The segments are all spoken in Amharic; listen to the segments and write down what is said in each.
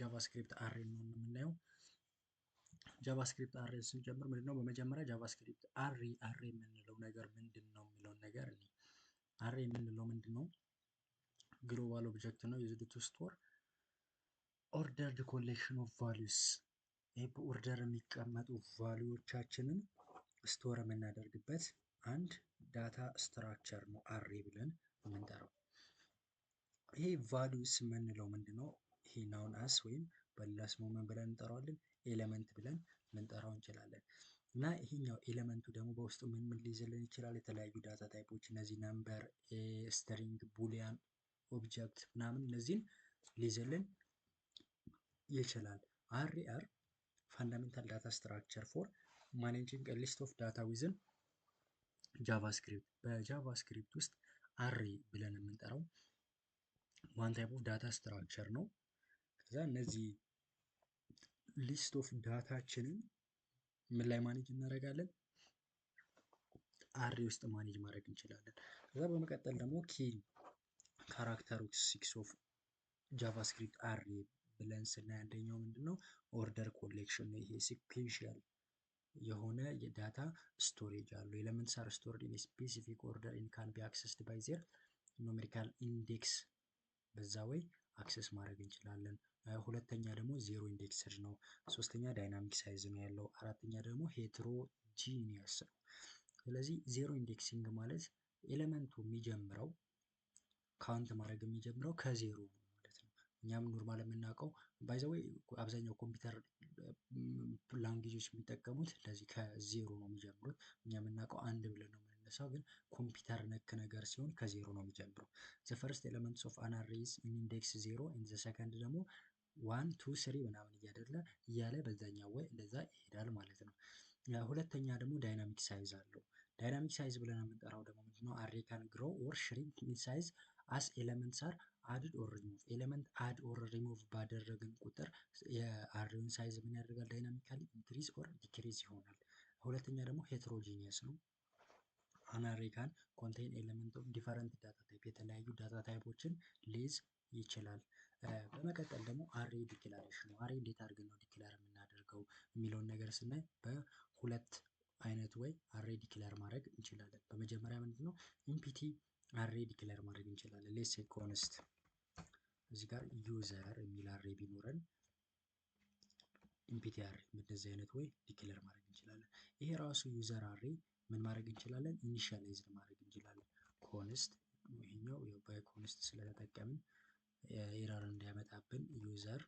ጃቫስክሪፕት አሬ ነው የምናየው። ጃቫስክሪፕት አሬን ስንጀምር ምንድነው በመጀመሪያ ጃቫስክሪፕት አሬ አሬ የምንለው ነገር ምንድን ነው የሚለውን ነገር እኔ አሬ የምንለው ምንድን ነው? ግሎባል ኦብጀክት ነው ዩዝድ ቱ ስቶር ኦርደርድ ኮሌክሽን ኦፍ ቫሊዩስ ይህ በኦርደር የሚቀመጡ ቫሊዎቻችንን ስቶር የምናደርግበት አንድ ዳታ ስትራክቸር ነው አሬ ብለን የምንጠራው። ይሄ ቫሊዩስ የምንለው ምንድን ነው? ይሄ ናውን አስ ወይም በሌላ ስሙ ምን ብለን እንጠራዋለን? ኤለመንት ብለን ልንጠራው እንችላለን። እና ይሄኛው ኤለመንቱ ደግሞ በውስጡ ምን ምን ሊይዝልን ይችላል? የተለያዩ ዳታ ታይፖች እነዚህ ነምበር፣ ስትሪንግ፣ ቡሊያን፣ ኦብጀክት ምናምን እነዚህን ሊይዝልን ይችላል። አር ፋንዳሜንታል ዳታ ስትራክቸር ፎር ማኔጂንግ ሊስት ኦፍ ዳታ ዊዝን ጃቫስክሪፕት በጃቫስክሪፕት ውስጥ አሬ ብለን የምንጠራው ዋን ታይፕ ኦፍ ዳታ ስትራክቸር ነው። ከዛ እነዚህ ሊስት ኦፍ ዳታችንን ምን ላይ ማኔጅ እናደርጋለን? አሬ ውስጥ ማኔጅ ማድረግ እንችላለን። ከዛ በመቀጠል ደግሞ ኪ ካራክተሪስቲክስ ኦፍ ጃቫስክሪፕት አሬ ብለን ስናይ አንደኛው ምንድን ነው ኦርደር ኮሌክሽን ነው። ይሄ ሲኩዌንሻል የሆነ የዳታ ስቶሬጅ አሉ። ኤለመንትስ አር ስቶርድ ኢን ስፔሲፊክ ኦርደር ኢን ካን ቢ አክሰስድ ባይ ዜር ኖሜሪካል ኢንዴክስ በዛ ወይ አክሰስ ማድረግ እንችላለን። ሁለተኛ ደግሞ ዜሮ ኢንዴክስድ ነው። ሶስተኛ ዳይናሚክ ሳይዝ ነው ያለው። አራተኛ ደግሞ ሄትሮጂኒየስ ነው። ስለዚህ ዜሮ ኢንዴክሲንግ ማለት ኤሌመንቱ የሚጀምረው ካውንት ማድረግ የሚጀምረው ከዜሮ ነው ማለት ነው። እኛም ኖርማል የምናውቀው ባይዘወይ አብዛኛው ኮምፒውተር ላንጉጆች የሚጠቀሙት ለዚህ ከዜሮ ነው የሚጀምሩት። እኛ የምናውቀው አንድ ብለን ነው የምንነሳው፣ ግን ኮምፒውተር ነክ ነገር ሲሆን ከዜሮ ነው የሚጀምረው። ዘ ፈርስት ኤሌመንትስ ኦፍ አን አሬይ ኢን ኢንዴክስ ዜሮ ኢን ዘ ሰከንድ ደግሞ ዋን ቱ ስሪ ምናምን እያደለ እያለ በዛኛው ወይ እንደዛ ይሄዳል ማለት ነው። ሁለተኛ ደግሞ ዳይናሚክ ሳይዝ አለው። ዳይናሚክ ሳይዝ ብለን የምንጠራው ደግሞ ምንድነው? አሬ ካን ግሮ ኦር ሽሪንክ ኢን ሳይዝ አስ ኤለመንትስ አር አድድ ኦር ሪሙቭ ኤለመንት አድ ኦር ሪሙቭ ባደረግን ቁጥር የአሬውን ሳይዝ ምን ያደርጋል? ዳይናሚካሊ ኢንክሪዝ ኦር ዲክሪዝ ይሆናል። ሁለተኛ ደግሞ ሄትሮጂኒየስ ነው። አናሬካን ኮንቴን ኤለመንት ኦፍ ዲፈረንት ዳታ ታይፕ የተለያዩ ዳታ ታይፖችን ሊዝ ይችላል። በመቀጠል ደግሞ አሬ ዲክላሬሽን አሬ እንዴት አድርገን ነው ዲክላር የምናደርገው የሚለውን ነገር ስናይ በሁለት አይነት ወይ አሬ ዲክላር ማድረግ እንችላለን። በመጀመሪያ ምንድን ነው ኢምፒቲ አሬ ዲክላር ማድረግ እንችላለን። ሌስ ኮንስት እዚህ ጋር ዩዘር የሚል አሬ ቢኖረን ኢምፒቲ አሬ እንደዚህ አይነት ወይ ዲክለር ማድረግ እንችላለን። ይሄ ራሱ ዩዘር አሬ ምን ማድረግ እንችላለን? ኢኒሻላይዝድ ማድረግ እንችላለን። ኮንስት ይሄኛው በኮንስት ስለተጠቀምን ኤረር እንዳያመጣብን ዩዘር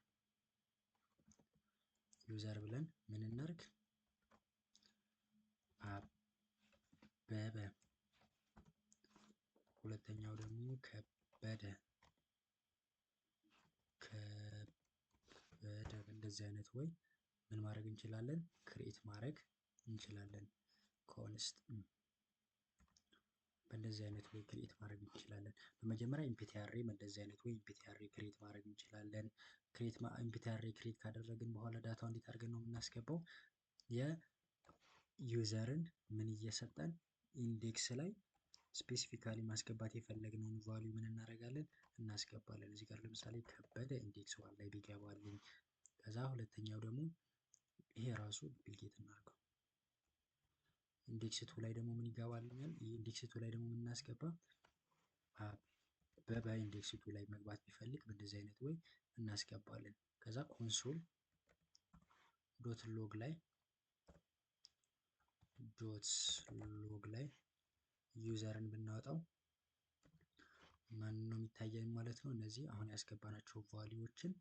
ዩዘር ብለን ምን እናርግ አበበ ሁለተኛው ደግሞ ከበደ ከበደ እንደዚህ አይነት ወይ ምን ማድረግ እንችላለን ክሬት ማድረግ እንችላለን ኮንስት በእንደዚህ አይነት ወይ ክሬት ማድረግ እንችላለን። በመጀመሪያ ኤምፒቲአር በእንደዚህ አይነት ወይ ኤምፒቲአር ክሬት ማድረግ እንችላለን። ክሬት ኤምፒቲአር ክሬት ካደረግን በኋላ ዳታው እንዴት አድርገን ነው የምናስገባው? የዩዘርን ምን እየሰጠን ኢንዴክስ ላይ ስፔሲፊካሊ ማስገባት የፈለግነውን ቫሊዩ ምን እናደርጋለን እናስገባለን። እዚህ ጋር ለምሳሌ ከበደ ኢንዴክስ ዋን ላይ ቢገባልኝ፣ ከዛ ሁለተኛው ደግሞ ይሄ ራሱ ቢልጌት እናድርገው ኢንዴክስ ቱ ላይ ደግሞ ምን ይገባልኛል? ኢንዴክስ ቱ ላይ ደግሞ የምናስገባ በኢንዴክስ ቱ ላይ መግባት ቢፈልግ በእንደዚህ አይነት ወይ እናስገባለን። ከዛ ኮንሶል ዶት ሎግ ላይ ዶት ሎግ ላይ ዩዘርን ብናወጣው ማን ነው የሚታየን ማለት ነው። እነዚህ አሁን ያስገባናቸው ቫሊዎችን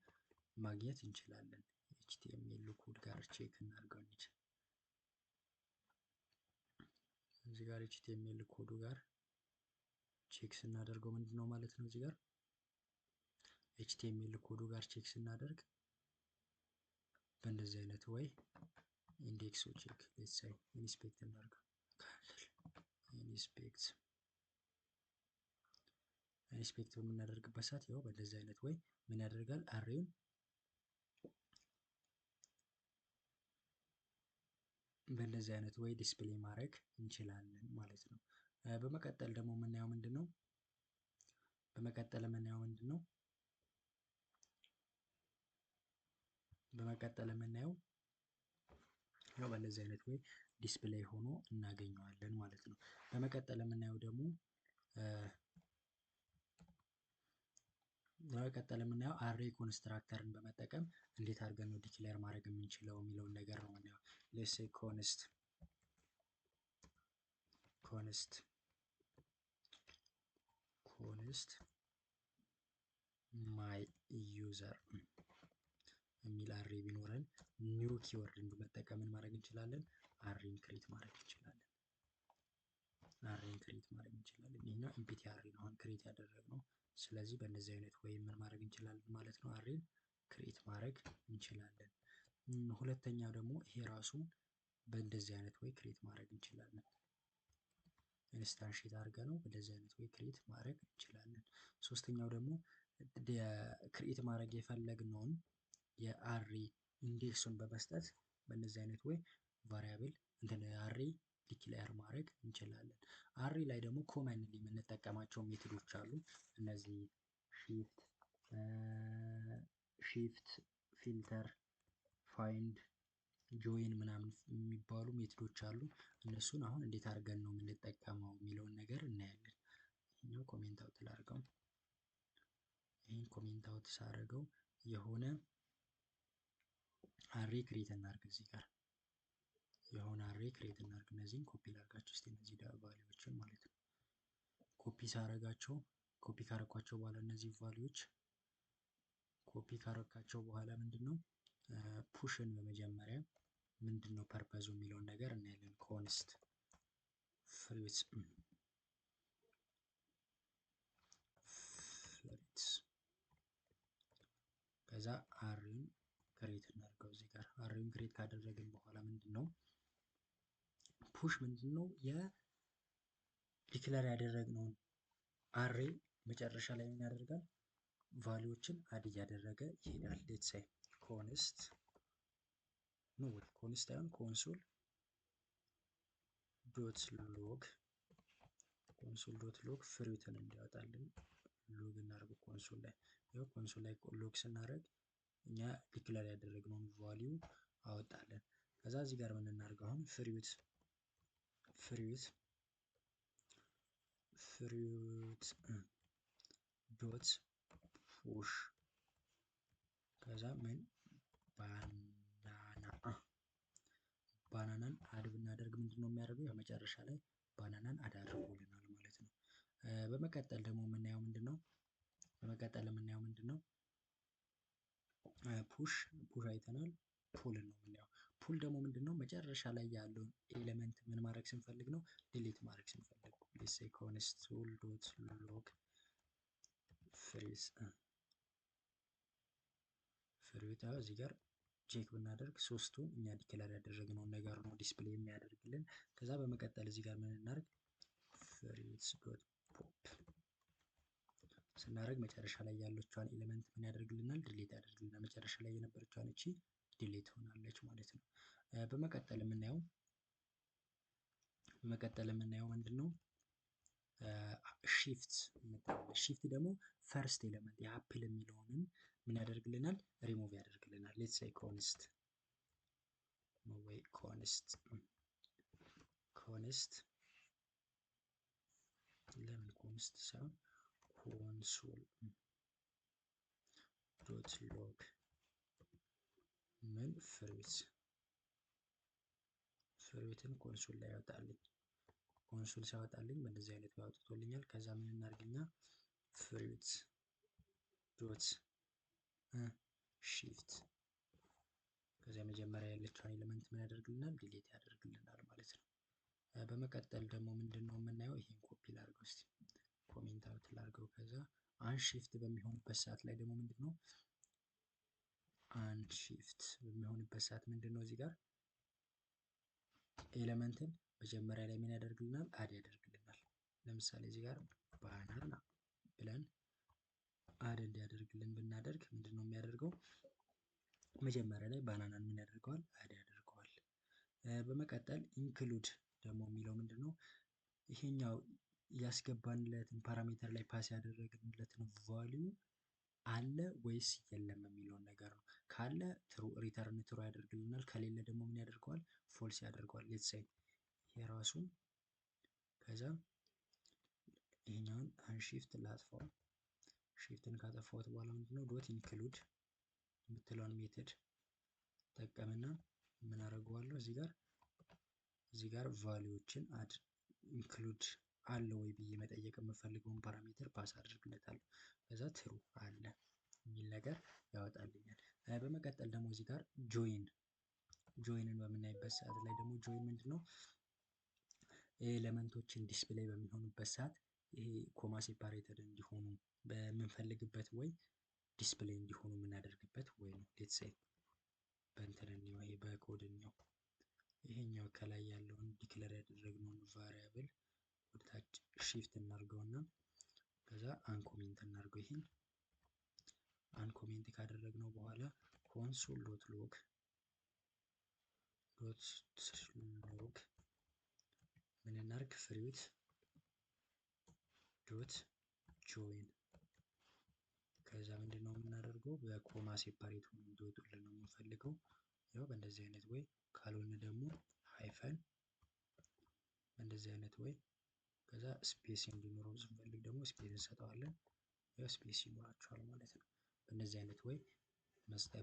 ማግኘት እንችላለን። ኤችቲኤምኤል ኮድ ጋር ቼክ እናድርገው እንችል እዚህ ጋር ኤችቲኤምኤል ኮዱ ጋር ቼክ ስናደርገው ምንድን ነው ማለት ነው እዚህ ጋር ኤችቲኤምኤል ኮዱ ጋር ቼክ ስናደርግ በእንደዚህ አይነት ወይ ኢንዴክሱ ቼክ ሳይ ኢንስፔክት እናድርገው ኢንስፔክት ኢንስፔክት በምናደርግበት ሰዓት ያው በእንደዚህ አይነት ወይ ምን ያደርጋል አሬውን በእንደዚህ አይነት ወይ ዲስፕሌይ ማድረግ እንችላለን ማለት ነው። በመቀጠል ደግሞ የምናየው ምንድን ነው? በመቀጠል የምናየው ምንድን ነው? በመቀጠል የምናየው ያው በእንደዚህ አይነት ወይ ዲስፕሌይ ሆኖ እናገኘዋለን ማለት ነው። በመቀጠል የምናየው ደግሞ በመቀጠል የምናየው አሬ ኮንስትራክተርን በመጠቀም እንዴት አድርገን ነው ዲክሌር ማድረግ የምንችለው የሚለውን ነገር ነው የምናየው። ሌሴ ኮንስት ኮንስት ኮንስት ማይ ዩዘር የሚል አሬ ቢኖረን ኒው ኪወርድን በመጠቀምን ማድረግ እንችላለን። አሬን ክሬት ማድረግ እንችላለን። አሬን ክሬት ማድረግ እንችላለን። ይሄኛው ኤምፒቲ አሬ አሁን ክሬት ያደረግነው። ስለዚህ በእንደዚህ አይነት ወይ ምን ማድረግ እንችላለን ማለት ነው አሬን ክሬት ማድረግ እንችላለን። ሁለተኛው ደግሞ ይሄ ራሱ በእንደዚህ አይነት ወይ ክሬት ማድረግ እንችላለን። ኢንስታንስ ሺት አድርገ ነው በእንደዚህ አይነት ወይ ክሬት ማድረግ እንችላለን። ሶስተኛው ደግሞ ክሬት ማድረግ የፈለግነውን የአሬ ኢንዴክሱን በመስጠት በእንደዚህ አይነት ወይ ቫሪያብል እንትን አሬ ዲክሌር ማድረግ እንችላለን። አሪ ላይ ደግሞ ኮመን የምንጠቀማቸው ሜትዶች አሉ። እነዚህ ሺፍት፣ ሺፍት፣ ፊልተር፣ ፋይንድ፣ ጆይን ምናምን የሚባሉ ሜትዶች አሉ። እነሱን አሁን እንዴት አድርገን ነው የምንጠቀመው የሚለውን ነገር እናያለን። ይህኛው ኮሜንት አውት ላድርገው። ይህን ኮሜንት አውት ሳደርገው የሆነ አሬ ክሬት እናድርግ እዚህ ጋር የሆነ አሬ ክሬት እናድርግ። እነዚህን ኮፒ ላድርጋቸው እስኪ እነዚህ ቫሊዎችን ማለት ነው። ኮፒ ሳረጋቸው ኮፒ ካረኳቸው በኋላ እነዚህ ቫሊዎች ኮፒ ካረካቸው በኋላ ምንድን ነው ፑሽን በመጀመሪያ ምንድን ነው ፐርፐዙ የሚለውን ነገር እናያለን። ኮንስት ፍሬት ፍሬት ከዛ አሬን ክሬት እናድርገው እዚህ ጋር አሬን ክሬት ካደረግን በኋላ ምንድን ነው ፑሽ ምንድን ነው የዲክለር ያደረግነውን አሬ መጨረሻ ላይ ምን ያደርጋል? ቫሊዎችን አድ እያደረገ ይሄዳል። ሌትሳይ ኮንስት ኖ ኮንስት አይሆን ኮንሶል ዶት ሎግ ኮንሶል ዶት ሎግ ፍሪትን እንዲያወጣልን ሎግ እናደርገው። ኮንሶል ላይ ያው ኮንሶል ላይ ሎግ ስናደርግ እኛ ዲክለር ያደረግነውን ቫሊዩ አወጣለን። ከዛ እዚህ ጋር ምን እናደርገው አሁን ፍሪት ፍሪዝ ፍሪት ዶት ፑሽ ከዛ ምን ባናና ባናናን አድ ብናደርግ ምንድን ነው የሚያደርገው? መጨረሻ ላይ ባናናን አድ አድርጎልናል ማለት ነው። በመቀጠል ደግሞ የምናየው ምንድን ነው? በመቀጠል የምናየው ምንድን ነው? ፑሽ ፑሽ አይተናል። ፑልን ነው የምናየው። ፉል ደግሞ ምንድን ነው መጨረሻ ላይ ያለውን ኤሌመንት ምን ማድረግ ስንፈልግ ነው ዲሊት ማድረግ ስንፈልግ ሌሴ ኮንስቱል ዶት ሎግ ፍሪዝ ፍሪታ እዚህ ጋር ቼክ ብናደርግ ሶስቱን እኛ ዲክለር ያደረግነውን ነገር ነው ዲስፕሌይ የሚያደርግልን። ከዛ በመቀጠል እዚህ ጋር ምን እናደርግ ፍሪዝ ዶት ፖፕ ስናደርግ መጨረሻ ላይ ያለችዋን ኤሌመንት ምን ያደርግልናል? ድሌት ያደርግልናል። መጨረሻ ላይ የነበረችዋን እቺ ዲሌት ሆናለች ማለት ነው። በመቀጠል የምናየው በመቀጠል የምናየው ምንድን ነው? ሺፍት ሺፍት ደግሞ ፈርስት ኤለመንት የአፕል የሚለውንም ምን ያደርግልናል? ሪሙቭ ያደርግልናል። ሌትስ ኮንስት ወይ ኮንስት ኮንስት ለምን ኮንስት ሳይሆን ኮንሶል ዶት ሎግ ምን ፍሬት ፍሬትን ኮንሱል ላይ ያወጣልኝ። ኮንሱል ሲያወጣልኝ በእንደዚህ አይነት ያወጥቶልኛል። ከዛ ምን እናርግኛ ፍሬት ዶት ሺፍት ከዚያ መጀመሪያ ያለችውን ኤሌመንት ምን ያደርግልናል? ዲሌት ያደርግልናል ማለት ነው። በመቀጠል ደግሞ ምንድን ነው የምናየው? ይሄን ኮፒ ላርገው እስቲ ኮሜንት አውት ላርገው። ከዛ አንሺፍት በሚሆንበት ሰዓት ላይ ደግሞ ምንድን ነው አንድ ሺፍት በሚሆንበት ሰዓት ምንድን ነው እዚህ ጋር ኤሌመንትን መጀመሪያ ላይ ምን ያደርግልናል? አድ ያደርግልናል። ለምሳሌ እዚህ ጋር ብለን አድ እንዲያደርግልን ብናደርግ ምንድን ነው የሚያደርገው? መጀመሪያ ላይ ባናናን ምን ያደርገዋል? አድ ያደርገዋል። በመቀጠል ኢንክሉድ ደግሞ የሚለው ምንድን ነው? ይሄኛው ያስገባንለትን ፓራሜትር ላይ ፓስ ያደረግንለትን ቫሊዩ አለ ወይስ የለም የሚለውን ነገር ነው። ካለ ትሩ ሪተርን ትሩ ያደርግልናል። ከሌለ ደግሞ ምን ያደርገዋል? ፎልስ ያደርገዋል። ሌት ሳይ የራሱን ከዛ ይሄኛውን አንሺፍት ሺፍት ላጥፋው። ሺፍትን ካጠፋሁት በኋላ ምንድነው ዶት ኢንክሉድ የምትለውን ሜትድ ጠቀምና ምን አደርገዋለሁ እዚህ ጋር እዚህ ጋር ቫሊዎችን አድ ኢንክሉድ አለ ወይ ብዬ መጠየቅ የምፈልገውን ፓራሜትር ፓስ አድርግለታለሁ። ከዛ ትሩ አለ የሚል ነገር ያወጣልኛል። በመቀጠል ደግሞ እዚህ ጋር ጆይን ጆይንን በምናይበት ሰዓት ላይ ደግሞ ጆይን ምንድን ነው? ኤሌመንቶችን ዲስፕሌይ በሚሆኑበት ሰዓት ይሄ ኮማ ሴፓሬተር እንዲሆኑ በምንፈልግበት ወይ ዲስፕሌይ እንዲሆኑ የምናደርግበት ወይ ነው። ሌትሴ በእንትንኛው ይሄ በኮድኛው ይሄኛው ከላይ ያለውን ዲክለር ያደረግነውን ቫሪያብል ወደታች ሺፍት እናርገውና ከዛ አንኮሜንት እናድርገው። ይህን አንኮሜንት ካደረግነው በኋላ ኮንሶል ዶት ሎግ ዶት ሎግ ምን እናድርግ ዶት ጆይን ከዛ ምንድን ነው የምናደርገው በኮማ ሴፓሬት ሆኖ እንዲወጡልን ነው የምንፈልገው። ያው በእንደዚህ አይነት ወይ ካልሆነ ደግሞ ሃይፈን በእንደዚህ አይነት ወይ ከዛ ስፔስ እንዲኖረው ስንፈልግ ደግሞ ስፔስ እንሰጠዋለን። ስፔስ ይኖራቸዋል ማለት ነው። በእነዚህ አይነት ወይ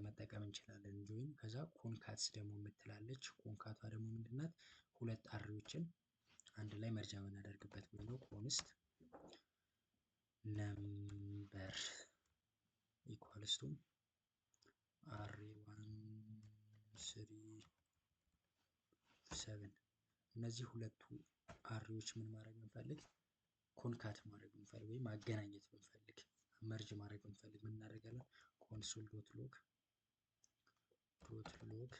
መጠቀም እንችላለን። እንጆይን ከዛ ኮንካትስ ደግሞ የምትላለች ኮንካቷ ደግሞ ምንድናት? ሁለት አሪዎችን አንድ ላይ መርጃ የምናደርግበት ወይ ነው። ኮንስት ነምበር ኢኳልስቱ አሬ ዋን ስሪ ሰብን እነዚህ ሁለቱ አሪዎች ምን ማድረግ ብንፈልግ ኮንካት ማድረግ ብንፈልግ ወይም ማገናኘት ብንፈልግ መርጅ ማድረግ ብንፈልግ ምን እናደርጋለን? ኮንሶል ዶት ሎግ ዶት ሎግ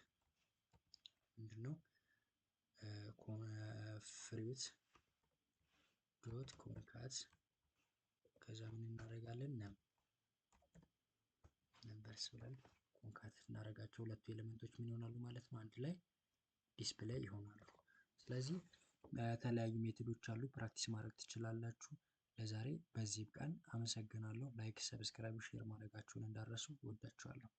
ምንድን ነው ፍሬት ዶት ኮንካት ከዛ ምን እናደርጋለን? ነም ነምበርስ ብለን ኮንካት እናደርጋቸው ሁለቱ ኤሌመንቶች ምን ይሆናሉ ማለት ነው? አንድ ላይ ዲስፕሌይ ይሆናሉ። ስለዚህ የተለያዩ ሜቶዶች አሉ ፕራክቲስ ማድረግ ትችላላችሁ። ለዛሬ በዚህ ይብቃን። አመሰግናለሁ። ላይክ፣ ሰብስክራይብ፣ ሼር ማድረጋችሁን እንዳረሱ እወዳችኋለሁ።